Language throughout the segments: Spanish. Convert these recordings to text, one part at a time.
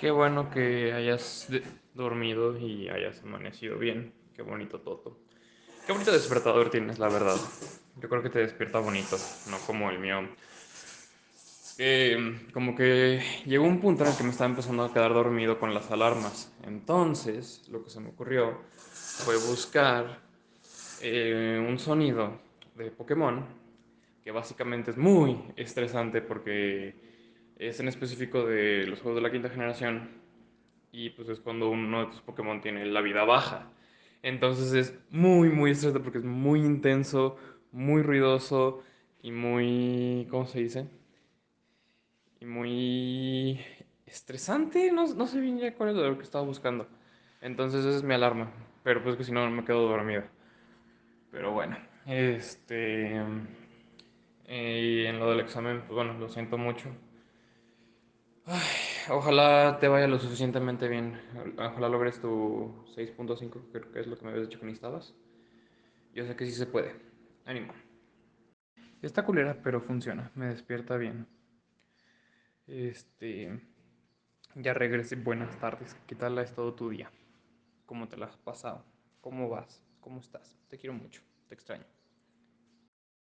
Qué bueno que hayas dormido y hayas amanecido bien. Qué bonito Toto. Qué bonito despertador tienes, la verdad. Yo creo que te despierta bonito, no como el mío. Em, como que llegó un punto en el que me estaba empezando a quedar dormido con las alarmas. Entonces, lo que se me ocurrió fue buscar eh, un sonido de Pokémon que básicamente es muy estresante porque es en específico de los juegos de la quinta generación y pues es cuando uno de tus Pokémon tiene la vida baja. Entonces es muy, muy estresante porque es muy intenso, muy ruidoso y muy, ¿cómo se dice? Y muy estresante, no, no sé bien ya cuál es lo que estaba buscando. Entonces esa es mi alarma, pero pues que si no me quedo dormido. Pero bueno, este... Eh, y en lo del examen, pues bueno, lo siento mucho Ay, ojalá te vaya lo suficientemente bien. Ojalá logres tu 6.5, creo que es lo que me habías dicho que necesitabas. Yo sé que sí se puede. Ánimo. Está culera, pero funciona. Me despierta bien. Este. Ya regresé. Buenas tardes. ¿Qué tal ha estado tu día? ¿Cómo te la has pasado? ¿Cómo vas? ¿Cómo estás? Te quiero mucho. Te extraño.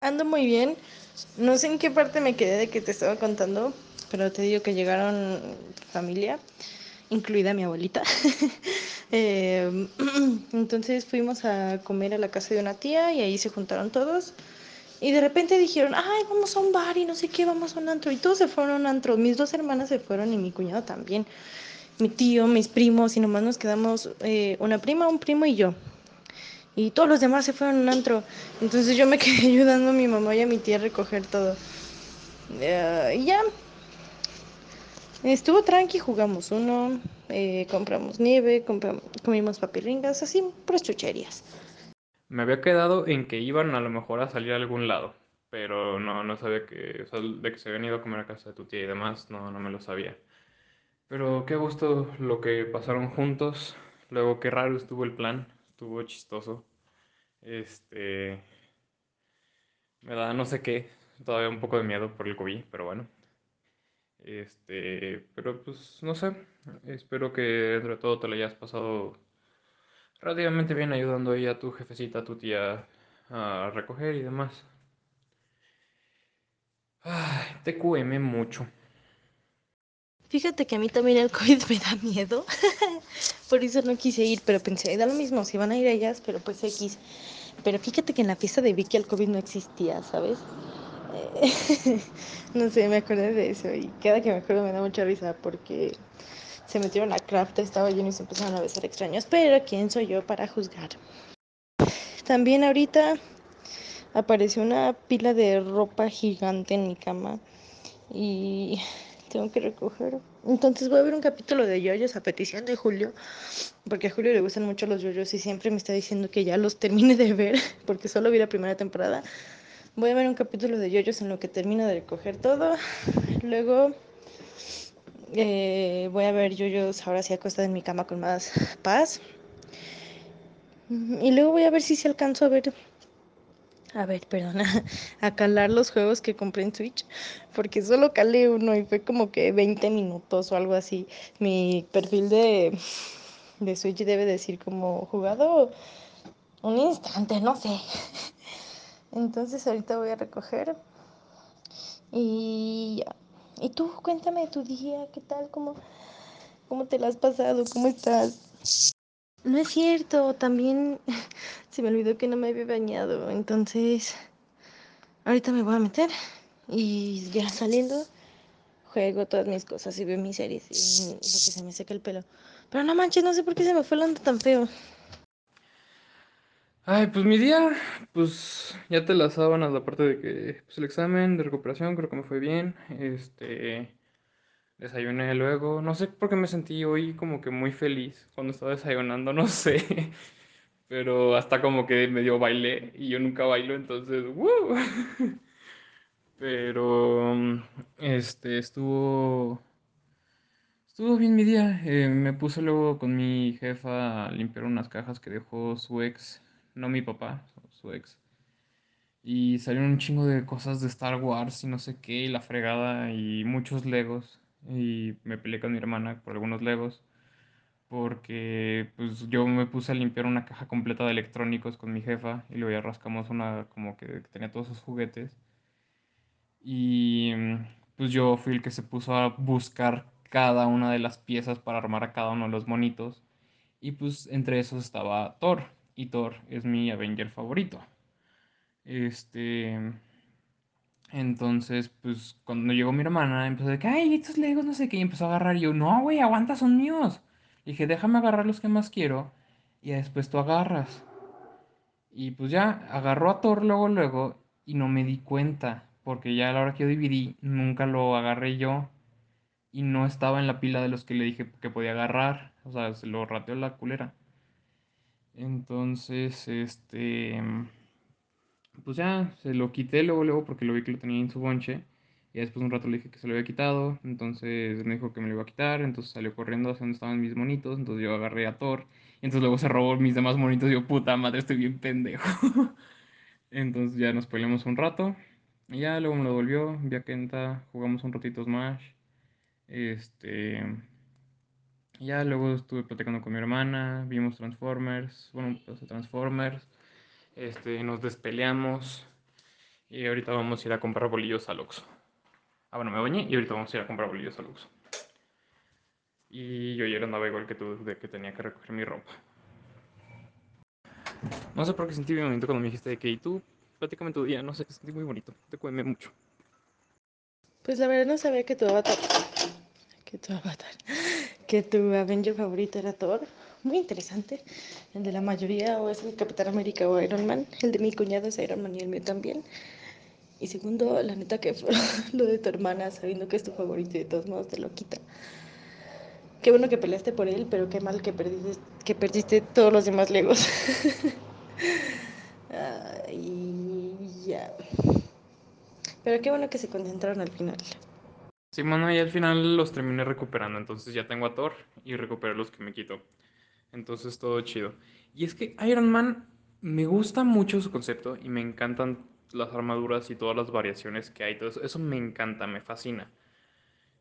Ando muy bien. No sé en qué parte me quedé de que te estaba contando, pero te digo que llegaron familia, incluida mi abuelita. Eh, entonces fuimos a comer a la casa de una tía y ahí se juntaron todos. Y de repente dijeron, ay, vamos a un bar y no sé qué, vamos a un antro. Y todos se fueron a un antro. Mis dos hermanas se fueron y mi cuñado también. Mi tío, mis primos, y nomás nos quedamos eh, una prima, un primo y yo. Y todos los demás se fueron a un antro. Entonces yo me quedé ayudando a mi mamá y a mi tía a recoger todo. Eh, y ya, Estuvo tranqui, jugamos uno, eh, compramos nieve, comimos papirringas, así, pues chucherías. Me había quedado en que iban a lo mejor a salir a algún lado, pero no, no sabía que, o sea, de que se habían ido a comer a casa de tu tía y demás, no, no me lo sabía. Pero qué gusto lo que pasaron juntos. Luego, qué raro estuvo el plan. Estuvo chistoso. Este. Me da no sé qué. Todavía un poco de miedo por el COVID, pero bueno. Este, pero pues no sé, espero que entre todo te lo hayas pasado relativamente bien ayudando ahí a tu jefecita, a tu tía a recoger y demás. Ay, te cueme mucho. Fíjate que a mí también el COVID me da miedo. Por eso no quise ir, pero pensé, da lo mismo, si van a ir ellas, pero pues X. Pero fíjate que en la fiesta de Vicky el COVID no existía, ¿sabes? no sé, me acordé de eso y cada que me acuerdo me da mucha risa porque se metieron a craft, estaba lleno y se empezaron a besar extraños, pero ¿quién soy yo para juzgar? También ahorita apareció una pila de ropa gigante en mi cama y tengo que recoger. Entonces voy a ver un capítulo de yoyos a petición de Julio, porque a Julio le gustan mucho los yoyos y siempre me está diciendo que ya los termine de ver, porque solo vi la primera temporada. Voy a ver un capítulo de Yoyos en lo que termino de recoger todo. Luego eh, voy a ver Yoyos ahora sí acostada en mi cama con más paz. Y luego voy a ver si se alcanzo a ver. A ver, perdona, a calar los juegos que compré en Switch, porque solo calé uno y fue como que 20 minutos o algo así. Mi perfil de, de Switch debe decir como jugado un instante, no sé. Entonces ahorita voy a recoger. Y ya. Y tú, cuéntame tu día, ¿qué tal? ¿Cómo, cómo te la has pasado? ¿Cómo estás? No es cierto, también se me olvidó que no me había bañado, entonces ahorita me voy a meter y ya saliendo juego todas mis cosas y veo mis series y lo que se me seca el pelo. Pero no manches, no sé por qué se me fue el tan feo. Ay, pues mi día, pues ya te la a la parte de que pues, el examen de recuperación creo que me fue bien. Este, desayuné luego, no sé por qué me sentí hoy como que muy feliz cuando estaba desayunando, no sé. Pero hasta como que medio bailé y yo nunca bailo, entonces, Pero este estuvo estuvo bien mi día. Eh, me puse luego con mi jefa a limpiar unas cajas que dejó su ex no mi papá, su ex. Y salieron un chingo de cosas de Star Wars y no sé qué, y la fregada, y muchos Legos. Y me peleé con mi hermana por algunos Legos. Porque pues yo me puse a limpiar una caja completa de electrónicos con mi jefa y luego ya rascamos una como que tenía todos sus juguetes. Y pues yo fui el que se puso a buscar cada una de las piezas para armar a cada uno de los monitos. Y pues entre esos estaba Thor, y Thor es mi Avenger favorito. Este. Entonces, pues cuando llegó mi hermana, empezó de que, ay, estos legos, no sé qué, y empezó a agarrar. Y yo, no, güey, aguanta, son míos. Le dije, déjame agarrar los que más quiero y después tú agarras. Y pues ya, agarró a Thor luego, luego, y no me di cuenta, porque ya a la hora que yo dividí, nunca lo agarré yo. Y no estaba en la pila de los que le dije que podía agarrar. O sea, se lo rateó la culera. Entonces, este, mm, pues ya, se lo quité luego, luego, porque lo vi que lo tenía en su bonche. Y después un rato le dije que se lo había quitado, entonces me dijo que me lo iba a quitar, entonces salió corriendo hacia donde estaban mis monitos, entonces yo agarré a Thor, y entonces luego se robó mis demás monitos, y yo, puta madre, estoy bien pendejo. entonces ya nos peleamos un rato, y ya luego me lo volvió, vi jugamos un ratito Smash, este, ya luego estuve platicando con mi hermana, vimos Transformers, bueno, Transformers, este, nos despeleamos y ahorita vamos a ir a comprar bolillos al Oxxo. Ah, bueno, me bañé y ahorita vamos a ir a comprar bolillos al Oxxo. Y yo ayer andaba igual que tú, de que tenía que recoger mi ropa. No sé por qué sentí mi momento cuando me dijiste que y tú, prácticamente tu día, no sé, sentí muy bonito, te cuéme mucho. Pues la verdad no sabía que tu avatar, que tu que tu Avenger favorito era Thor. Muy interesante. El de la mayoría o es el Capitán América o Iron Man. El de mi cuñado es Iron Man y el mío también. Y segundo, la neta que fue lo de tu hermana, sabiendo que es tu favorito y de todos modos te lo quita. Qué bueno que peleaste por él, pero qué mal que perdiste, todos los demás legos. ya. Pero qué bueno que se concentraron al final. Sí, bueno, y al final los terminé recuperando, entonces ya tengo a Thor y recuperé los que me quito. Entonces todo chido. Y es que Iron Man me gusta mucho su concepto y me encantan las armaduras y todas las variaciones que hay. Todo eso, me encanta, me fascina.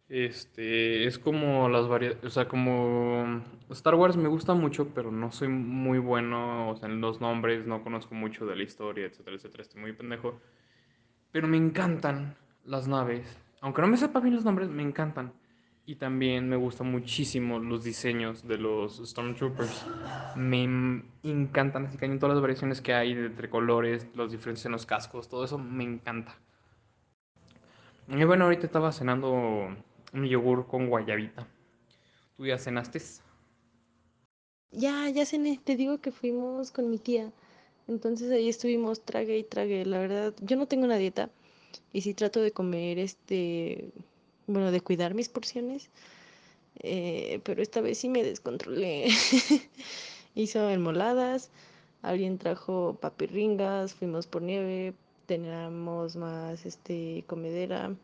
Este, es como las varias, o sea, como Star Wars me gusta mucho, pero no soy muy bueno, en los nombres, no conozco mucho de la historia, etcétera, etcétera, estoy muy pendejo. Pero me encantan las naves aunque no me sepa bien los nombres, me encantan. Y también me gustan muchísimo los diseños de los Stormtroopers. Me encantan, así que hay todas las variaciones que hay de entre colores, los diferentes en los cascos, todo eso me encanta. Y bueno, ahorita estaba cenando un yogur con guayabita. ¿Tú ya cenaste? Ya, ya cené. Te digo que fuimos con mi tía. Entonces ahí estuvimos, tragué y tragué. La verdad, yo no tengo una dieta y sí trato de comer este, bueno, de cuidar mis porciones, eh, pero esta vez sí me descontrolé. Hizo enmoladas, alguien trajo papirringas, fuimos por nieve, teníamos más este comedera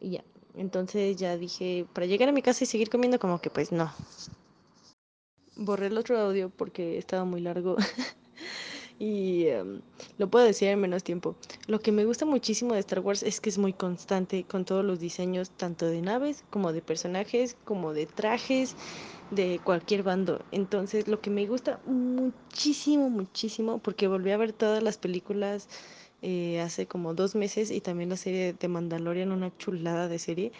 y ya. Entonces ya dije, para llegar a mi casa y seguir comiendo, como que pues no. Borré el otro audio porque estaba muy largo. y em, lo puedo decir en menos tiempo. Lo que me gusta muchísimo de Star Wars es que es muy constante con todos los diseños, tanto de naves como de personajes, como de trajes, de cualquier bando. Entonces, lo que me gusta muchísimo, muchísimo, porque volví a ver todas las películas. Eh, hace como dos meses y también la serie de Mandalorian, una chulada de serie,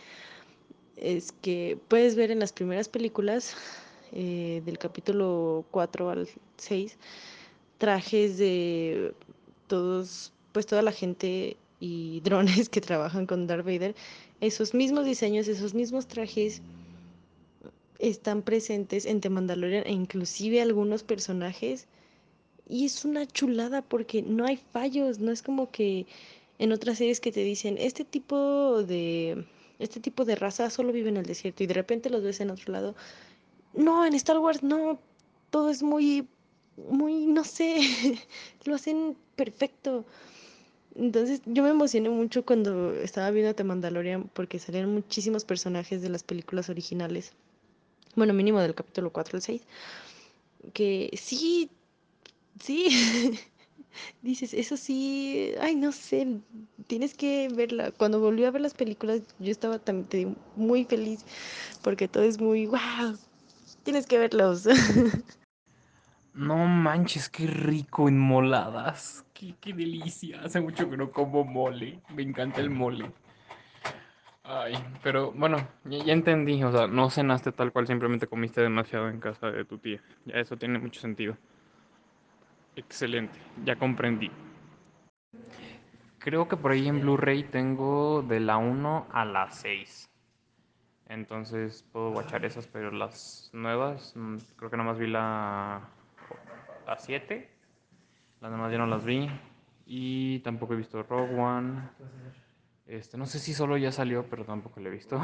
es que puedes ver en las primeras películas, eh, del capítulo 4 al 6, trajes de todos, pues toda la gente y drones que trabajan con Darth Vader, esos mismos diseños, esos mismos trajes están presentes en The Mandalorian e inclusive algunos personajes. Y es una chulada porque no hay fallos, no es como que en otras series que te dicen, este tipo de este tipo de raza solo vive en el desierto y de repente los ves en otro lado. No, en Star Wars no, todo es muy muy, no sé, lo hacen perfecto. Entonces yo me emocioné mucho cuando estaba viendo The Mandalorian porque salían muchísimos personajes de las películas originales. Bueno, mínimo del capítulo 4 al 6. Que sí, sí. Dices, eso sí, ay, no sé, tienes que verla. Cuando volví a ver las películas, yo estaba también muy feliz porque todo es muy, wow, tienes que verlos. No manches, qué rico en moladas. Qué, delicia. Hace mucho que no como mole. Me encanta el mole. Ay, pero bueno, ya, entendí. O sea, no cenaste tal cual, simplemente comiste demasiado en casa de tu tía. Ya eso tiene mucho sentido. Excelente, ya comprendí. Creo que por ahí en Blu-ray tengo de la 1 a la 6. Entonces puedo guachar esas, pero las nuevas, mm, creo que más vi la a 7. Las demás ya no las vi. Y tampoco he visto Rogue One. Este, no sé si solo ya salió, pero tampoco le he visto.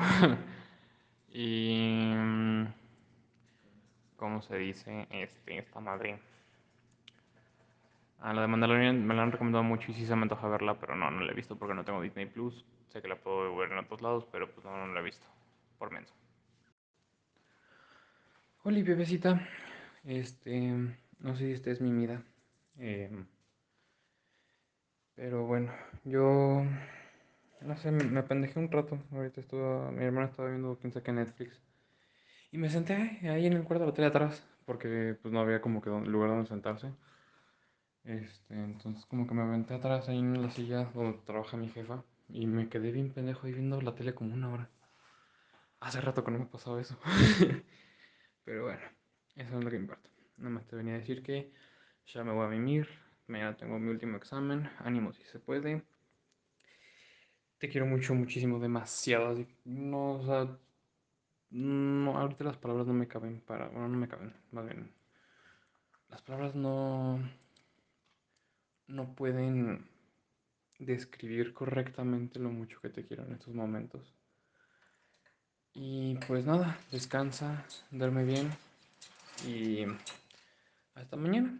y. Mm, ¿Cómo se dice? Este, esta madre. a la de Mandalorian me la han recomendado mucho y sí se me antoja verla, pero no, no la he visto porque no tengo Disney Plus. Sé que la puedo ver en otros lados, pero pues no, no la he visto. Por menos. Hola, bebecita. Este. No sé si es mi vida. Em, pero bueno, yo. No sé, me, apendejé un rato. Ahorita estuvo. Mi hermana estaba viendo quién saque Netflix. Y me senté ahí en el cuarto de la tele atrás. Porque pues no había como que lugar donde sentarse. Este, entonces como que me aventé atrás ahí en la silla donde trabaja mi jefa. Y me quedé bien pendejo ahí viendo la tele como una hora. Hace rato que no me ha pasado eso. Pero bueno, eso es lo que importa. Nada más te venía a decir que ya me voy a vivir Mañana tengo mi último examen. Ánimo si se puede. Te quiero mucho, muchísimo, demasiado. Así, no, o sea, no, ahorita las palabras no me caben para. Bueno, no me caben, más bien. Las palabras no. No pueden describir correctamente lo mucho que te quiero en estos momentos. Y pues nada, descansa, duerme bien y это мне